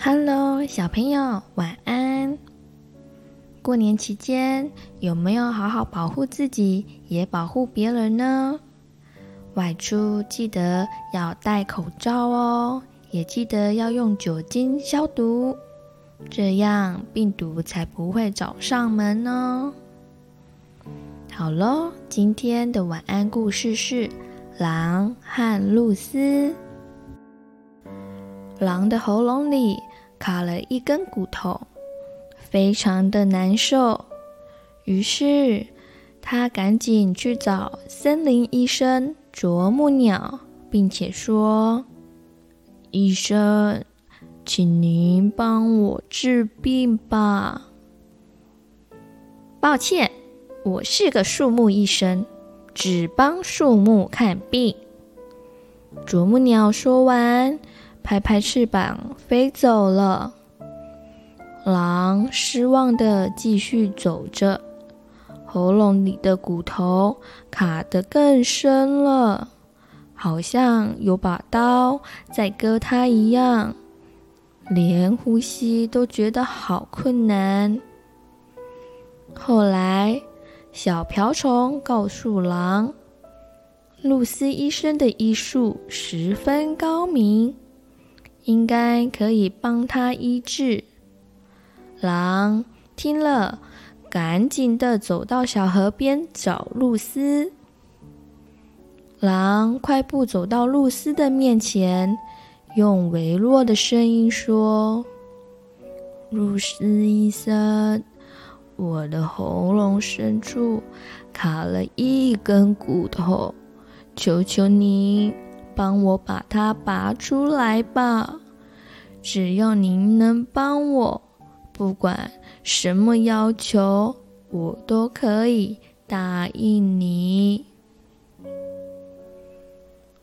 Hello，小朋友，晚安！過年期間有沒有好好保護自己，也保護別人呢？外出記得要戴口罩哦，也記得要用酒精消毒，這樣病毒才不會找上門哦。好嘍，今天的晚安故事是《狼和鷺鷥》。狼的喉嚨裡卡了一根骨頭，非常的難受。於是他趕緊去找森林醫生啄木鳥，並且說：“醫生，請您幫我治病吧。”“抱歉，我是個樹木醫生，只幫樹木看病。”啄木鳥說完。拍拍翅膀飛走了，狼失望的繼續走着，喉嚨裡的骨頭卡得更深了，好像有把刀在割它一樣，連呼吸都覺得好困難。後來，小瓢蟲告訴狼，鷺鷥醫生的醫術十分高明。應該可以幫他醫治。狼聽了，趕緊地走到小河邊找鷺鷥。狼快步走到鷺鷥的面前，用微弱的聲音說：“鷺鷥醫生，我的喉嚨深處卡了一根骨頭，求求你。”幫我把它拔出來吧！只要您能幫我，不管什麼要求，我都可以答應你。”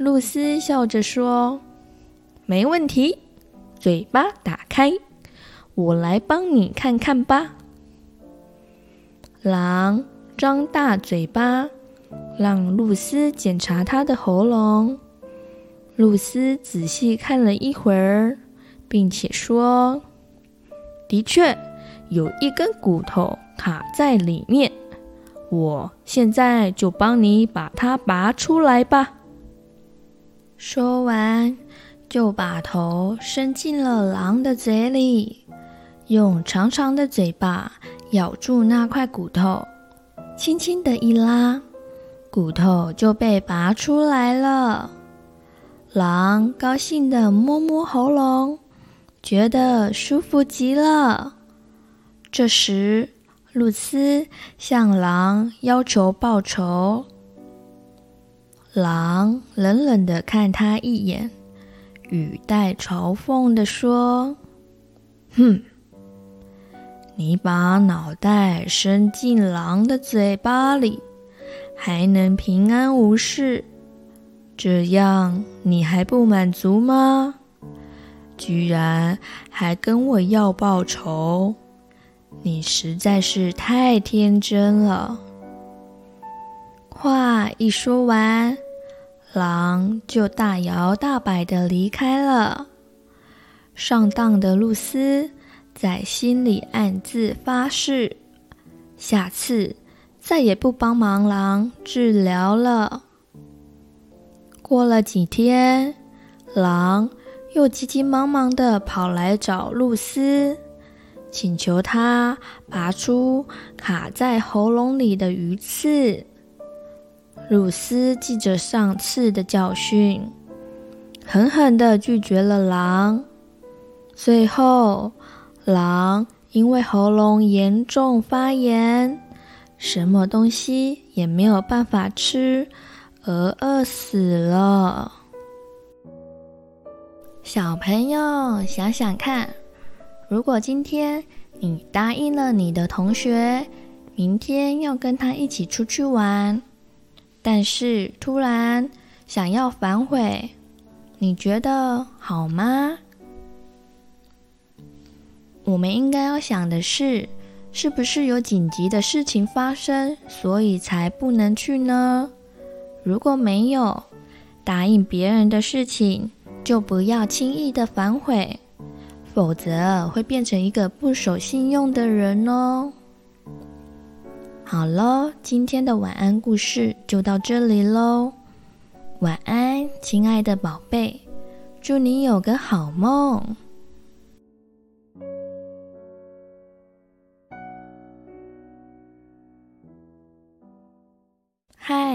鷺鷥笑着說，“沒問題。”嘴巴打開，我來幫你看看吧。狼張大嘴巴，讓鷺鷥檢查他的喉嚨。鷺鷥仔細看了一會兒，並且說：“的確有一根骨頭卡在裡面，我現在就幫你把它拔出來吧。”說完，就把頭伸進了狼的嘴裡，用長長的嘴巴咬住那塊骨頭，輕輕的一拉，骨頭就被拔出來了。狼高興的摸摸喉嚨，覺得舒服極了。這時，鷺鷥向狼要求報酬。狼冷冷的看他一眼，語帶嘲諷的說：“哼，你把腦袋伸進狼的嘴巴裡，還能平安無事？”這樣你還不滿足嗎？居然還跟我要報酬！你實在是太天真了。話一說完，狼就大搖大擺地離開了。上當的鷺鷥在心裡暗自發誓：下次再也不幫忙狼治療了。過了幾天，狼又急急忙忙地跑來找鷺鷥，請求他拔出卡在喉嚨裡的魚刺。鷺鷥記着上次的教訓，狠狠地拒絕了狼。最後，狼因為喉嚨嚴重發炎，什麼東西也沒有辦法吃。而餓死了。小朋友，想想看，如果今天你答應了你的同學，明天要跟他一起出去玩，但是突然想要反悔，你覺得好嗎？我們應該要想的是，是不是有緊急的事情發生，所以才不能去呢？如果沒有答應別人的事情，就不要輕易的反悔，否則會變成一個不守信用的人哦。好嘍，今天的晚安故事就到這裡嘍，晚安，親愛的寶貝，祝你有個好夢。